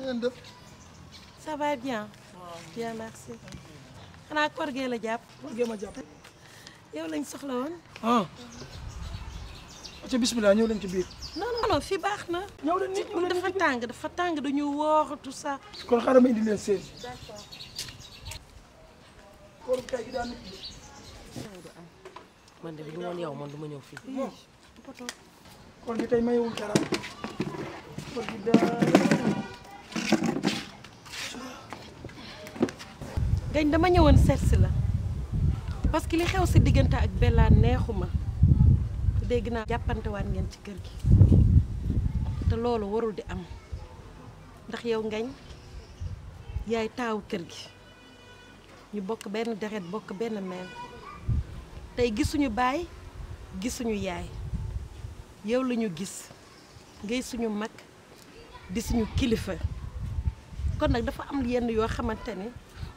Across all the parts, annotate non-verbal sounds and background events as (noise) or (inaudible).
ngeen def ça va bien bien merci xanaa koor gee la jàpp koor gee ma jàpp yow lañ soxla woon ah ci bismillah ñëw leen ci biir non non non fii baax na ñëw leen nit ñëw leen dafa tàng dafa tàng dañu woor tout ça kon xaaral indi leen seen d'accord koor kay gi daa nit man de bu woon yow man duma ñëw fii kon gi tey mayewul dara kon gi daa gañ dama ñëwoon seetsi la parce que li xew si diggante ak Bella neexuma dégg naa jàppantewaan ngeen ci kër gi te loolu warul di am ndax yow ngañ yaay taawu kër gi ñu bokk benn deret bokk benn meel tey gisuñu baay gisuñu yaay yow la gis ngay suñu mag di suñu kilifa kon nag dafa am yenn yoo xamante ne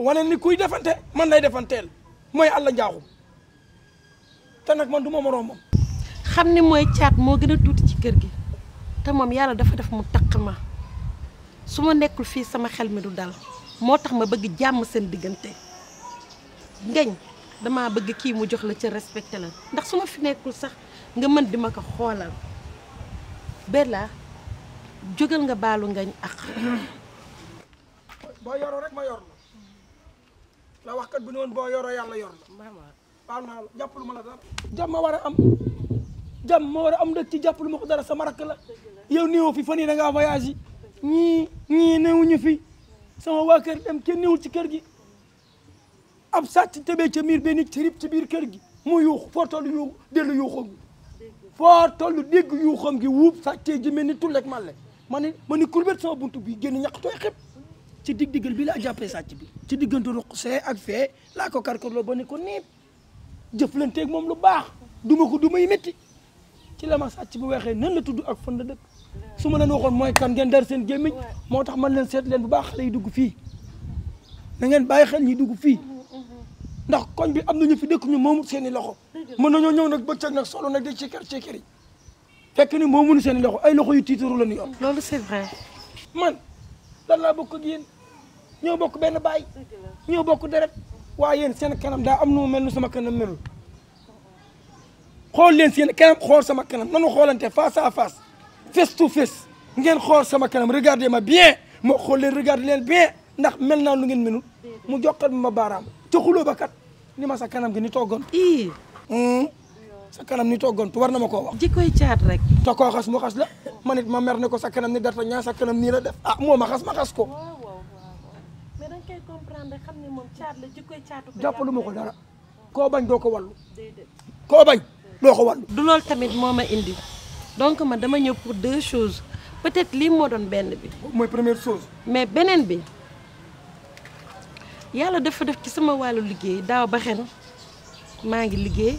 wane ni kuy defante man lay defanteel mooy àlla njaaxum te nag man du ma moroomam xam ni mooy caat moo gën a tuuti ci kër gi te moom yàlla dafa def mu taq ma su ma nekkul fii sama xel mi du dal moo tax ma bëgg jàmm seen diggante ngañ dama bëgg kii mu jox la ci respecté la ndax su ma fi nekkul sax nga mën di ma ko xoolal Bella jógal nga baalu ngañ ak boo yoroo ndax wax kat boo yoroo yàlla yor la baal jàppalu ma la dara jàmm war a am jàmm war am dëkk ci jàppalu ma ko dara sama rakk la yow néew fi fan yii da ñii ñii newuñu fi sama waa kër dem kenn newul ci kër gi ab sàcc tëbee ca miir benn cirib ci biir kër gi mu yuuxu foo toll yuuxu dellu yuuxam gi foo toll dégg yuuxam gi wuub sàccee ji mel ni tullek màlle ma ne ma ni kurbet sama buntu bi génn ñaq tooy xëpp ci dig diggal bi la jàppee sàcc bi ci digëntu ruq see ak fee la ko karkor lo ne ko niib ak mom lu baax duma ko dumay métti ci la ma sàcc bu weexee nan la tuddu ak fan la dëkk su ma waxon moy kan gën dar seen gémmiñ motax man leen sét leen bu baax lay dugg fi na ngeen baye xel ñi dugg fi ndax koñ bi am na ñu fi dëkk ñu momu seeni loxo mën nañoo ñëw nak bëcc nak solo nak di ci kër ci kër fekk ni moomul seen seeni loxo ay loxo yu tiitaru la ñu yor. loolu c'est vrai man. dan laa bokk ak yéen bokk benn baay ñëw bokk deret waaye yéen seen kanam daa am nu mel nu sama kanam melul xool leen seen kanam xool sama kanam nanu xoolante face à face face to face ngeen xool sama kanam regardez ma bien moo xool leen regarde leen bien ndax mel naa lu ngeen melul mu joxat ma baaraam ca xuloo ba kat ni ma sa kanam gi ni toggoon sa kanam ni toggoon war na ma koo wax. ji koy caat rek. te koo xas mu xas la man it ma mer ne ko sa kanam ni darta ñaa sa kanam nii la def ah moo ma xas ma xas ko. waaw waaw mais da xam ne moom caat la ji koy caatu. jàppalu ma ko dara koo bañ doo ko wallu. koo bañ doo ko wallu. du loolu tamit moo ma indi donc man dama ñëw pour deux choses peut-être lii moo doon benn bi. mooy première chose. mais beneen bi. yàlla dafa def ci sama wàllu liggéey daaw ba xen maa ngi liggéey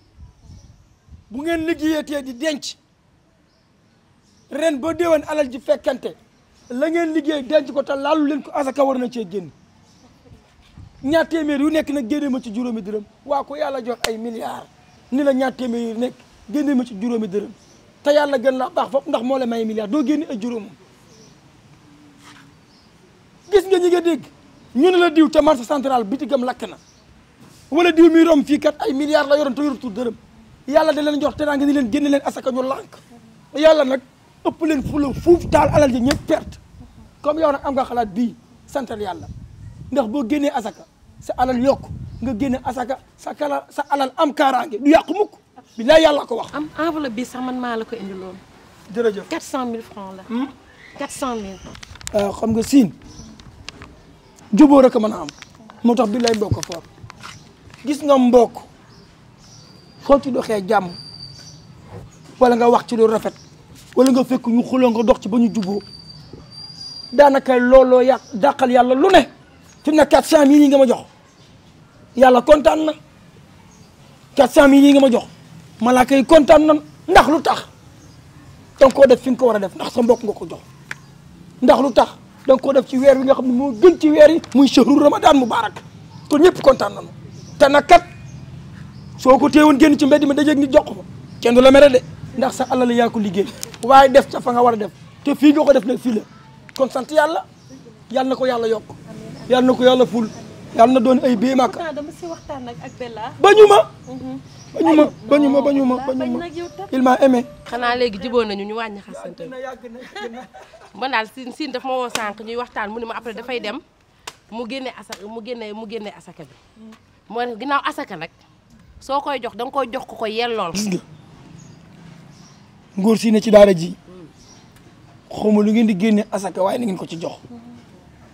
bu ngeen liggéeyatee di denc ren ba déwén alal ji fekkante la ngeen liggéey denc ko te laalu leen ko asaka war na cee génn ñaar téeméer yu nekk nag génne ma ci juróomi dërëm waa yàlla jox ay milliards ni la ñaar téeméer yu nekk ma ci juróomi dërëm te yàlla gën la baax foofu ndax moo la may milliards doo génne ay juróom gis nga ñi nga dégg ñu ne la diw ca marché central bitigam lakk na wala diw mi rom fii kat ay milliards la yoroon te yorutul dërëm yàlla da leen jox teraanga ni leen génne leen asaka ñu lànk yàlla nag ëpp leen fula fuuf taal alal ji ñëpp perte comme yow na am nga xalaat bii santal yàlla ndax boo génnee asaka sa alal yokk nga génne asaka sa sa alal am kaaraange du yàqu mukk billaay yàlla ko wax am enveloppe bi sax man maa la ko indi loon jërëjëf quatre cent mille francs la hmm? quatre cent mille euh, xam nga siin jubóor ak mën a am moo tax billaay mbokk foor gis nga mbokk soo ci doxee jàmm wala nga wax ci lu rafet wala nga fekk ñu xuloo nga dox ci ba ñu juboo daanaka looloo yàq dàqal yàlla lu ne fi mu ne quatre cent mille nga ma jox yàlla kontaan na quatre cent mille yi nga ma jox malaaka yi kontaan nan ndax lu tax danga koo def fi nga ko war a def ndax sa mbokk nga ko jox ndax lu tax danga koo def ci weer wi nga xam ne moo gën ci weer yi muy shahru mu mubarak kon ñëpp kontaan nanu te kat soo ko téewoon génn ci mbedd mi dajeeg nit jox ko fa kenn du la mere de ndax sa alal yaa ko liggéey waaye def ca fa nga war a def te fii nga ko def nag fii kon sant yàlla yàlla na ko yàlla yokk yàlla na ko yàlla ful yàlla na doon ay bii màkk ba ñu ma mhm. bañu ma bañu ma bañu ma bañu ma il m'a aimé xanaa léegi jubóo nañu ñu wàññi xasante (laughs) man daal siin siin daf ma woo sànq ñuy waxtaan mu ne ma après dafay dem mu génne asaka mu génne mu génne asaka bi mm. moo def ginnaaw nag soo koy jox da nga jox ko ko yellool. gis nga ngóor ne ci daara ji xawma lu ngeen di génne asaka waaye na ngeen ko ci jox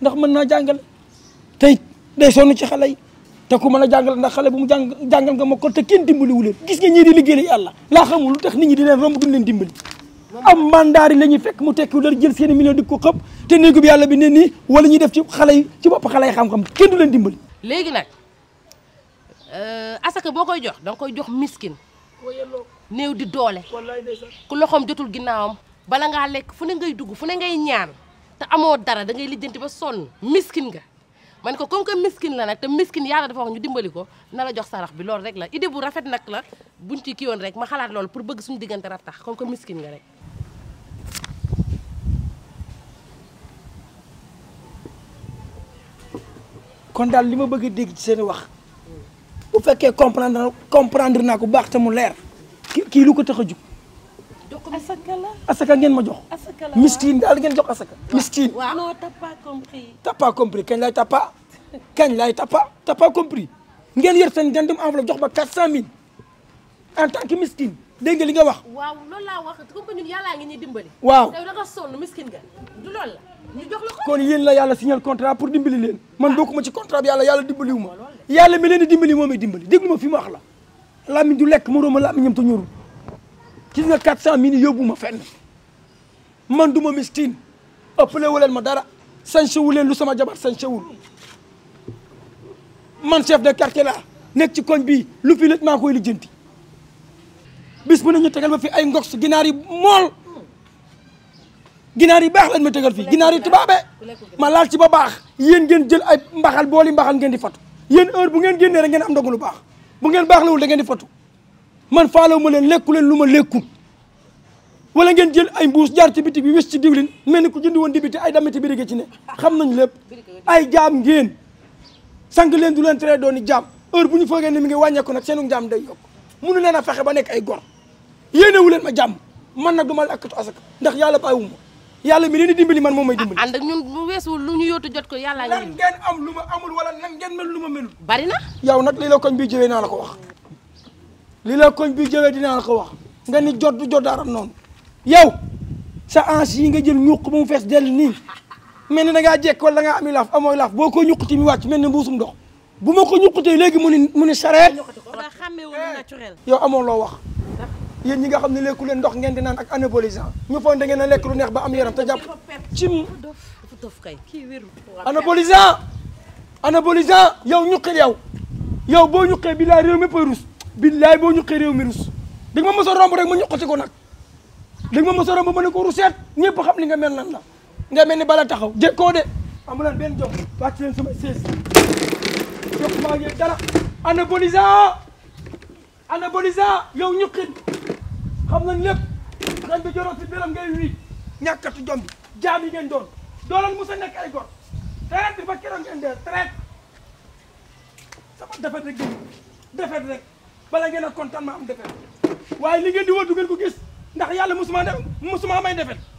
ndax mën naa jàngal tey day sonn ci xale yi te ku mën a jàngal ndax xale bu mu jàng jàngal nga mokkal te kenn dimbali wu gis nga ñii di liggéey yàlla laa xamul lu tax nit ñi di leen romb duñ leen dimbali. am mandaari la ñuy fekk mu tekki dara jël seen i million di ko xëpp te néegu bi yàlla bi ne nii wala ñuy def ci xale yi ci bopp xale yi xam-xam kenn du leen dimbali. léegi nag. Euh, asaka boo koy jox danga koy jox miskin néew di doole ku loxoom jotul ginnaawam bala ngaa lekk fu ne ngay dugg fu ne ngay ñaan te amoo dara da ngay lijjanti ba sonn miskin nga man ko comme que miskin la nag te miskin la dafa wax ñu dimbali ko na la jox sarax bi loolu rek la idée bu rafet nag la buñ ci kiyoon rek ma xalaat loolu pour bëgg suñu diggante raf tax comme ko miskin nga rek daal li ma bëgg dégg ci seen wax bu fekke comprendre comprendre nako bax te mu leer ki lu ko tax a asaka la asaka ngeen ma jox. asaka la miskin daal ngeen jox asaka. miskin waaw non t'as pas compris. ta pas compris ken lay tappa kañ laay tappa ta pas compris ngeen yor seen gàndum enveloppe jox ba 400000 en tant que miskin deeng nga li nga wax. waaw lool la wax ko que ñun yalla ngi ñuy dimbali. waaw da nga son miskin nga du lool la ñu jox la ko. kon yeen la yalla signal contrat pour dimbali leen man ah. bokuma ci contrat bi yàlla yàlla dimbaliwuma. yàlla mi di dimbali moom ay dimbali déglu ma fi ma wax la làmmiñ du lekk mu rooma làmmiñam te ñorul gis nga 400 mille yóbbu ma fenn man du ma miskin ëppale wu leen ma dara sañsewu leen lu sama jabar sañsewul man chef de quartier laa nekk ci koñ bi lu fi lëj maa koy lijjanti bis bu ne ñu tegal ma fi ay ngox ginaar yi mool ginaar yi baax lañ ma tegal fii ginaar yi tubaabe ma laal ci ba baax yéen ngeen jël ay mbaxal booli mbaxal ngeen di fatu yéen heure bu ngeen génnee rek ngeen am ndogu lu baax bu ngeen baax lawul da ngeen di fottu man faalaw ma leen lekku leen lu ma lekkul wala ngeen jël ay mbuus jaar ci bi wis ci diwlin mel ni ku jënd woon dibiti ay damiti birige ci ne xam nañ lépp ay jaam ngeen sang leen du leen tere dooni jaam heure bu ñu foogee ne mi ngi wàññeeku nag seenu jaam day yokk mënu leen a fexe ba nekk ay gor yéenewu leen ma jàmm man nag du ma lakkatu asaka ndax yàlla bàyyiwu yàlla mi leen di dimbali man moom may dimbali. ànd ak ñun bu weesu lu ñu yóotu jot ko yàlla. lan ngeen am lu ma amul wala lan ngeen mel lu ma melul. bari na. yow nag lii la koñ bi jëwee naa la ko wax lii la koñ bi jëwee dinaa la ko wax nga ni jot du jot dara noonu yow sa ange yi nga jël ñuq ba mu fees dell nii mel ni da ngaa jekk wala da ngaa ami laaf amooy boo ko ti mi wàcc mel ni mbuusum ndox bu ma ko ñuqatee léegi mu ni mu ni charette. yow amoo loo wax. yeen ñi nga xam ne lekku leen ndox ngeen di naan ak anabolisant ñu foog da ngeen lekk lu neex ba am yaram te jàpp cim anabolisant anabolisant yow xel yow yow ñu ñuqee billahi rew mi pay rus bo ñu ñuqee rew mi rus da ma mos romb rek ma ñuqati ko nak da ma mos romb ma ne ko ruset ñepp xam li nga mel nan la nga melni bala taxaw de ko de amu lan ben jox wàcc leen sama ses jox ma ngi dara anabolisant anabolisant yow xit xam nañ lépp dañ bi joroo si biram ngay wii ñàkkatu jom bi jaam yi ngeen doon doolal sa nekk ay gor traite ba keroog ngeen dee traite sama defet rek gën defet rek bala ngeen a kontaan ma am defet waaye li ngeen di woo du ngeen ko gis ndax yàlla musuma def musuma may defeet